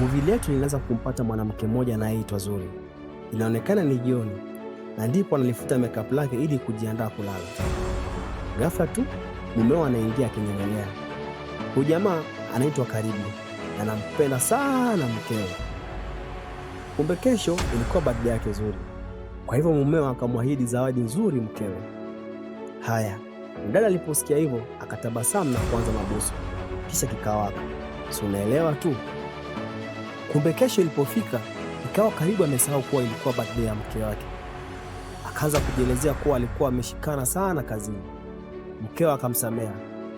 Muvi letu lilianza kumpata mwanamke mmoja anayeitwa Zuri. Inaonekana ni jioni, na ndipo analifuta makeup lake ili kujiandaa kulala. Ghafla tu mumeo anaingia akinyemelea. Huyu jamaa anaitwa Karibu, anampenda sana mkeo. Kumbe kesho ilikuwa birthday yake Zuri, kwa hivyo mumeo akamwahidi zawadi nzuri mkewe. Haya, mdada aliposikia hivyo akatabasamu na kuanza mabusu, kisha kikawaka. Si unaelewa tu. Kumbe kesho ilipofika, ikawa karibu amesahau kuwa ilikuwa birthday ya mke wake. Akaanza kujielezea kuwa alikuwa ameshikana sana kazini. Mkewe akamsamea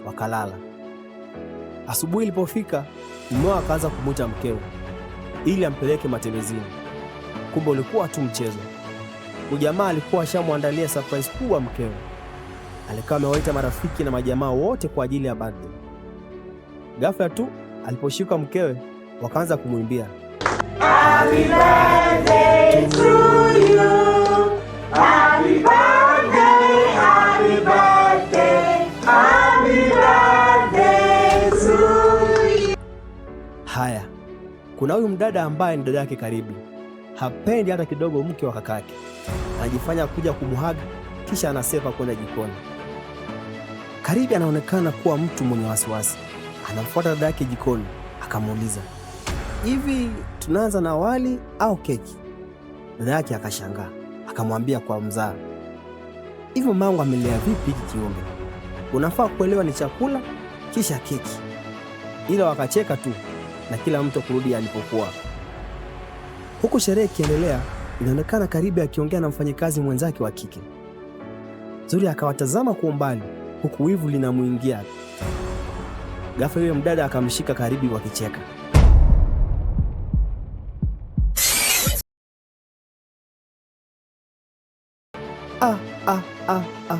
wakalala. Asubuhi ilipofika, mumeo akaanza kumwita mkewe ili ampeleke matembezini. Kumbe ulikuwa tu mchezo. Ujamaa alikuwa ashamwandalia surprise kubwa mkewe. Alikuwa amewaita marafiki na majamaa wote kwa ajili ya birthday. Ghafla tu aliposhuka mkewe wakaanza kumwimbia Haya, kuna huyu mdada ambaye ni dada yake karibu, hapendi hata kidogo mke wa kakake, anajifanya kuja kumuhaga kisha anasepa kwenda jikoni. Karibi anaonekana kuwa mtu mwenye wasiwasi, anamfuata dada yake jikoni, akamuuliza hivi tunaanza na wali au keki? Dada yake akashangaa, akamwambia kwa mzaa hivyo mamangu amelea vipi hiki kiumbe? Unafaa kuelewa ni chakula kisha keki. Ila wakacheka tu na kila mtu kurudi alipokuwa. Huku sherehe ikiendelea, inaonekana Karibu akiongea na mfanyikazi mwenzake wa kike. Zuri akawatazama kwa umbali, huku wivu linamwingia. Ghafla yule mdada akamshika Karibu wakicheka. ah, ah.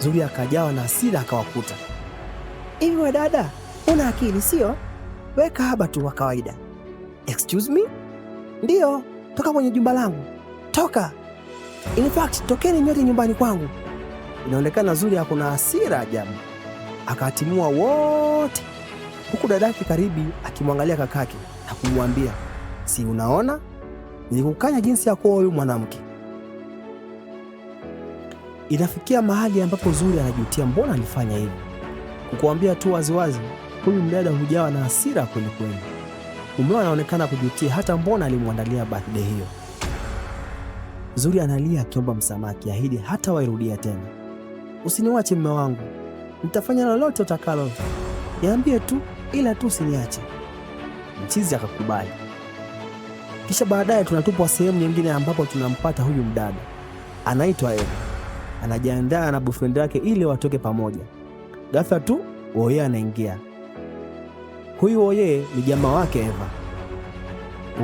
Zuri akajawa na hasira akawakuta, hivi we dada, una akili sio? We kahaba tu wa kawaida. Excuse me? Ndiyo, toka kwenye jumba langu, toka. In fact, tokeni nyote nyumbani kwangu. Inaonekana zuri kuna hasira ajabu, akawatimua wote, huku dadake Karibi akimwangalia kakake na kumwambia, si unaona nilikukanya jinsi ya kuoa huyu mwanamke inafikia mahali ambapo Zuri anajutia mbona alifanya hivi. Kukuambia tu waziwazi, huyu mdada hujawa na hasira kweli kweli. Mumeo anaonekana kujutia hata mbona alimwandalia birthday hiyo. Zuri analia akiomba msamaha, akiahidi hata wairudia tena. Usiniwache mume wangu, nitafanya lolote utakalo, niambie tu, ila tu usiniache. Mchizi akakubali. Kisha baadaye tunatupwa sehemu nyingine ambapo tunampata huyu mdada anaitwa Eva anajiandaa na boyfriend wake ili watoke pamoja. Ghafla tu Woye anaingia. Huyu Woye ni jamaa wake Eva.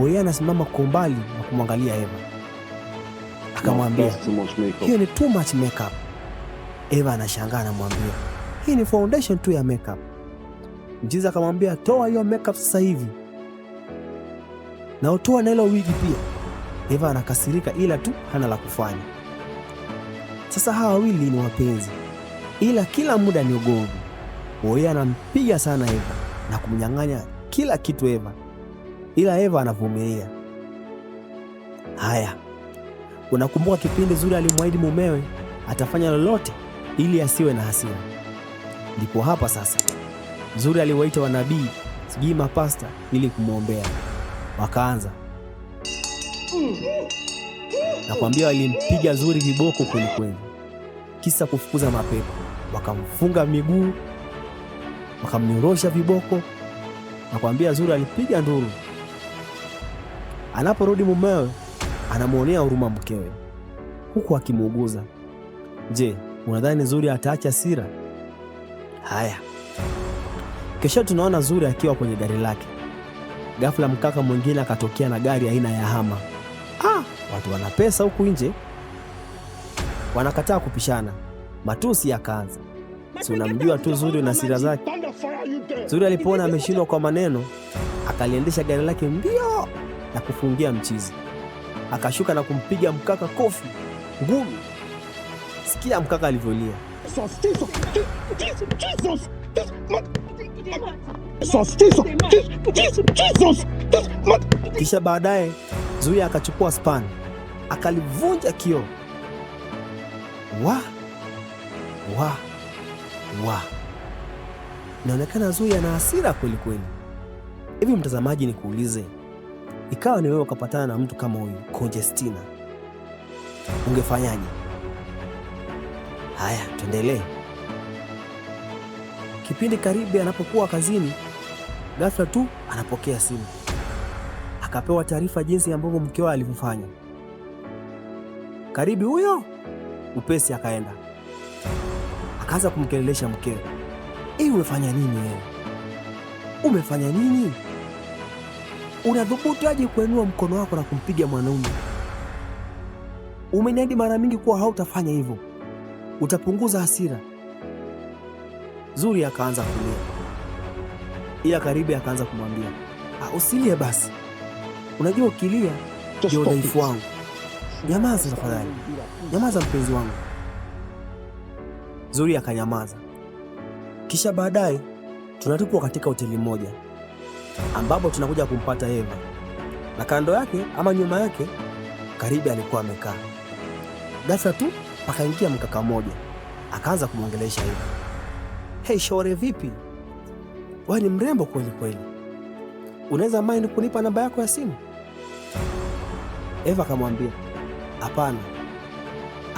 Woye anasimama kwa umbali na kumwangalia Eva, akamwambia hiyo ni too much makeup. Eva anashangaa, anamwambia hii ni foundation tu ya makeup. Mchizi akamwambia toa hiyo makeup sasa hivi na utoa na ile wigi pia. Eva anakasirika, ila tu hana la kufanya. Sasa hawa wawili ni wapenzi, ila kila muda ni ugomvi. Boye anampiga sana Eva na kumnyang'anya kila kitu Eva, ila Eva anavumilia. Haya, unakumbuka kipindi Zuri alimwahidi mumewe atafanya lolote ili asiwe na hasira? Ndipo hapa sasa Zuri aliwaita wanabii, sijui mapasta, ili kumwombea. Wakaanza hmm. Nakwambia walimpiga Zuri viboko kwelikweli, kisa kufukuza mapepo. Wakamfunga miguu, wakamnyorosha viboko. Nakwambia Zuri alipiga nduru. Anaporudi mumewe, anamwonea huruma mkewe huku akimuuguza. Je, unadhani Zuri ataacha sira? Haya, kesho tunaona Zuri akiwa kwenye gari lake. Ghafla mkaka mwingine akatokea na gari aina ya hama. Watu wana pesa huku nje wanakataa kupishana. Matusi yakaanza. Si unamjua tu Zuri na sira zake. Zuri alipoona ameshindwa kwa maneno, akaliendesha gari lake mbio na kufungia mchizi, akashuka na kumpiga mkaka kofi ngumi. Sikia mkaka alivyolia. Kisha baadaye kumzuia, akachukua spani akalivunja kioo. Wa wa wa, inaonekana Zuia ana hasira kweli kweli. Hivi mtazamaji, nikuulize, ikawa ni wewe ukapatana na mtu kama huyu Conjestina, ungefanyaje? Haya, tuendelee. Kipindi Karibu anapokuwa kazini, ghafla tu anapokea simu akapewa taarifa jinsi ambavyo mkewa alivyofanya. Karibu huyo upesi, akaenda akaanza kumkelelesha mkewe, hii ee, umefanya nini wewe? Umefanya nini? Unadhubutu aje kuinua mkono wako na kumpiga mwanaume? Umeniahidi mara mingi kuwa hautafanya hivyo, utapunguza hasira. Zuri akaanza kulia, ila Karibu akaanza kumwambia, ah, usilie basi Unajua ukilia ndio udhaifu wangu. Nyamaza tafadhali, nyamaza mpenzi wangu. Zuri akanyamaza, kisha baadaye tunatupwa katika hoteli moja ambapo tunakuja kumpata Eva na kando yake ama nyuma yake Karibi alikuwa amekaa. Ghafla tu pakaingia mkaka mmoja akaanza kumwongelesha Eva. Hei shore, vipi? Wewe ni mrembo kweli kweli, unaweza mind kunipa namba yako ya simu? Eva akamwambia hapana,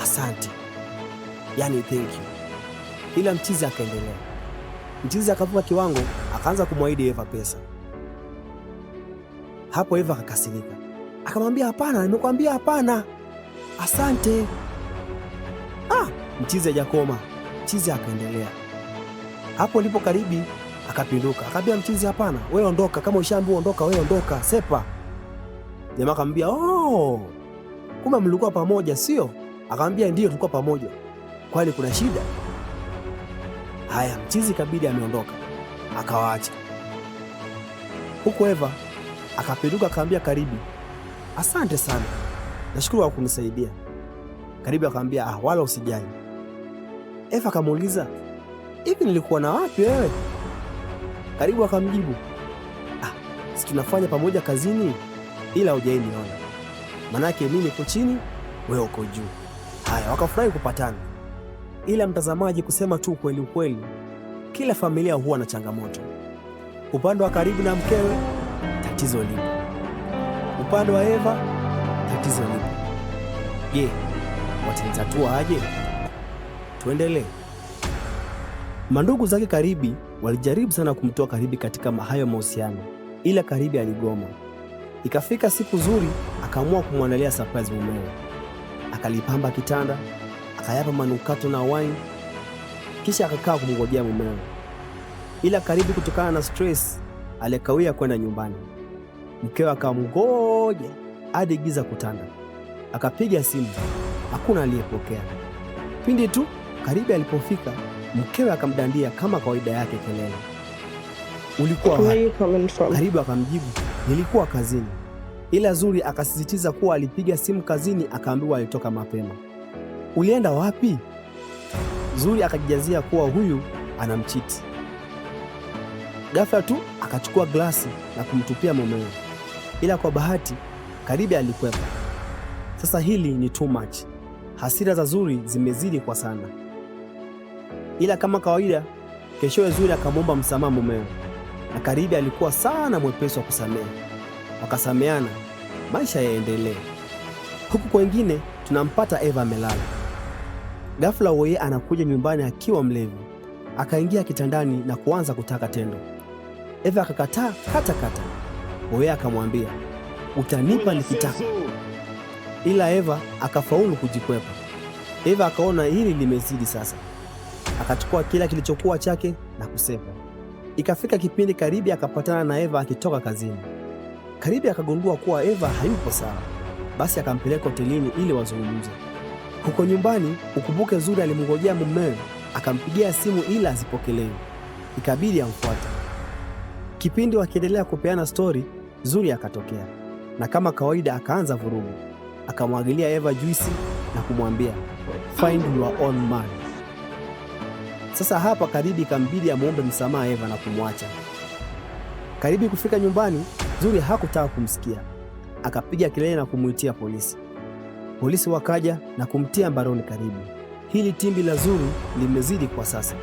asante, yaani thank you. Ila mchizi akaendelea. Mchizi akavuka kiwango, akaanza kumwahidi Eva pesa. Hapo Eva akakasirika, akamwambia hapana, nimekwambia hapana, asante. Ah, mchizi hajakoma, mchizi akaendelea. Hapo ndipo Karibi akapinduka, akaambia mchizi, hapana, wewe ondoka, kama ushaambiwa ondoka, wewe ondoka, sepa Jamaa akamwambia oh, kumbe mlikuwa pamoja sio? Akamwambia ndiyo, tulikuwa pamoja. Kwani kuna shida? Haya, mchizi kabidi ameondoka, akawaacha huku. Eva akapinduka akamwambia Karibi, asante sana, nashukuru kwa kunisaidia. Karibi akamwambia ah, wala usijali. Eva akamuuliza hivi, nilikuwa na wapi wewe? Karibu akamjibu ah, si tunafanya pamoja kazini ila hujai niona, manake mimi niko chini, wewe uko juu. Haya, wakafurahi kupatana, ila mtazamaji, kusema tu ukweli ukweli, kila familia huwa na changamoto. Upande wa karibu na mkewe tatizo lipo, upande wa Eva tatizo lipo. Je, watalitatua aje? Tuendelee. Mandugu zake Karibi walijaribu sana kumtoa Karibi katika hayo mahusiano, ila Karibi aligoma. Ikafika siku nzuri, akaamua kumwandalia surprise mumewe. Akalipamba kitanda, akayapa manukato na wine, kisha akakaa kumngojea mumewe, ila karibu kutokana na stress alikawia kwenda nyumbani. Mkewe akamngoja hadi giza kutanda, akapiga simu, hakuna aliyepokea. Pindi tu karibu alipofika, mkewe akamdandia kama kawaida yake kelele ulikuwa Haribu akamjibu, nilikuwa kazini, ila Zuri akasisitiza kuwa alipiga simu kazini akaambiwa alitoka mapema. Ulienda wapi? Zuri akajijazia kuwa huyu anamchiti. Ghafla tu akachukua glasi na kumtupia mumewe, ila kwa bahati Karibi alikwepa. Sasa hili ni too much. Hasira za Zuri zimezidi kwa sana, ila kama kawaida, keshowe Zuri akamwomba msamaha mumewe na karibi alikuwa sana mwepesi wa kusamehe. Wakasameana, maisha yaendelee. Huku kwengine tunampata Eva amelala. Ghafla Woye anakuja nyumbani akiwa mlevi, akaingia kitandani na kuanza kutaka tendo. Eva akakataa kata kata. Woye akamwambia utanipa nikitaka, ila Eva akafaulu kujikwepa. Eva akaona hili limezidi sasa, akachukua kila kilichokuwa chake na kusepa. Ikafika kipindi karibi akapatana na Eva akitoka kazini. karibi akagundua kuwa Eva hayupo sawa, basi akampeleka hotelini ili wazungumze. Huko nyumbani, ukumbuke Zuri alimngojea mumewe, akampigia simu ila asipokelewe, ikabidi amfuate. Kipindi wakiendelea kupeana stori, Zuri akatokea na kama kawaida akaanza vurugu, akamwagilia Eva juisi na kumwambia find your own man. Sasa hapa Karibi ikambidi amwombe msamaha Eva na kumwacha. Karibi kufika nyumbani, Zuri hakutaka kumsikia, akapiga kelele na kumwitia polisi. Polisi wakaja na kumtia mbaroni Karibi. Hili timbi la Zuri limezidi kwa sasa.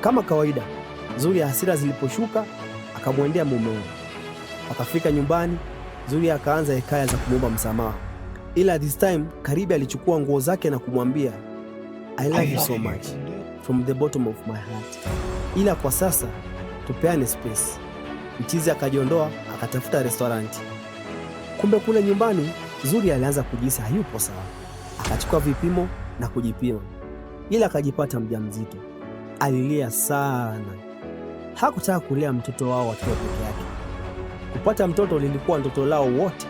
Kama kawaida, Zuri hasira ziliposhuka akamwendea mumewe. Akafika nyumbani, Zuri akaanza hekaya za kumwomba msamaha, ila this time Karibi alichukua nguo zake na kumwambia I love you so much from the bottom of my heart, ila kwa sasa tupeane space. Mchizi akajiondoa akatafuta restoranti Kumbe kule nyumbani Zuri alianza kujisa hayupo sawa, akachukua vipimo na kujipima, ila akajipata mjamzito. Alilia sana, hakutaka kulea mtoto wao wakiwa peke yake. Kupata mtoto lilikuwa ndoto lao wote,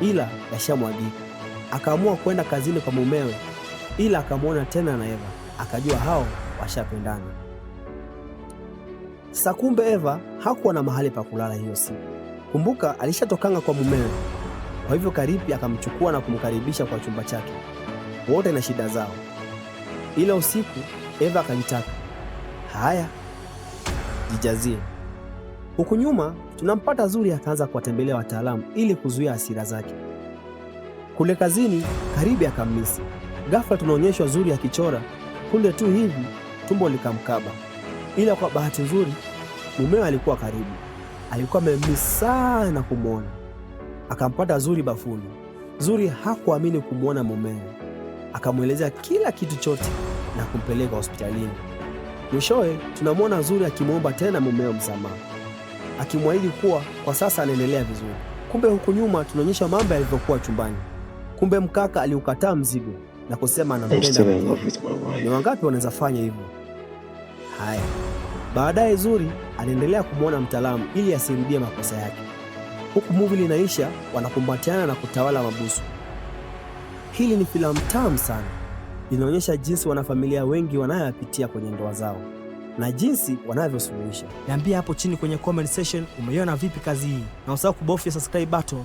ila yashamwagika. Akaamua kwenda kazini kwa mumewe, ila akamwona tena na Eva, akajua hao washapendana. Sasa kumbe Eva hakuwa na mahali pa kulala hiyo siku. Kumbuka alishatokanga kwa mumewe, kwa hivyo Karipi akamchukua na kumkaribisha kwa chumba chake, wote na shida zao. Ila usiku Eva akajitaka, haya jijazie. Huku nyuma tunampata Zuri akaanza kuwatembelea wataalamu ili kuzuia hasira zake. Kule kazini Karibi akammisi. Ghafla tunaonyeshwa Zuri akichora kule tu hivi tumbo likamkaba, ila kwa bahati nzuri mumewe alikuwa karibu. Alikuwa amemisi sana kumwona, akampata Zuri bafuni. Zuri hakuamini kumwona mumewe, akamwelezea kila kitu chote na kumpeleka hospitalini. Mwishowe tunamwona Zuri akimwomba tena mumewe msamaha, akimwahidi kuwa kwa sasa anaendelea vizuri. Kumbe huku nyuma tunaonyesha mambo yalivyokuwa chumbani. Kumbe mkaka aliukataa mzigo na kusema anampenda. Ni wangapi wanaweza fanya hivyo? haya. Baadaye Zuri anaendelea kumwona mtaalamu ili asirudie makosa yake. Huku muvi linaisha, wanakumbatiana na kutawala mabusu. Hili ni filamu tamu sana, linaonyesha jinsi wanafamilia wengi wanayoyapitia kwenye ndoa zao na jinsi wanavyosuluhisha. Niambia hapo chini kwenye comment section umeiona vipi kazi hii, na usahau kubofya subscribe button.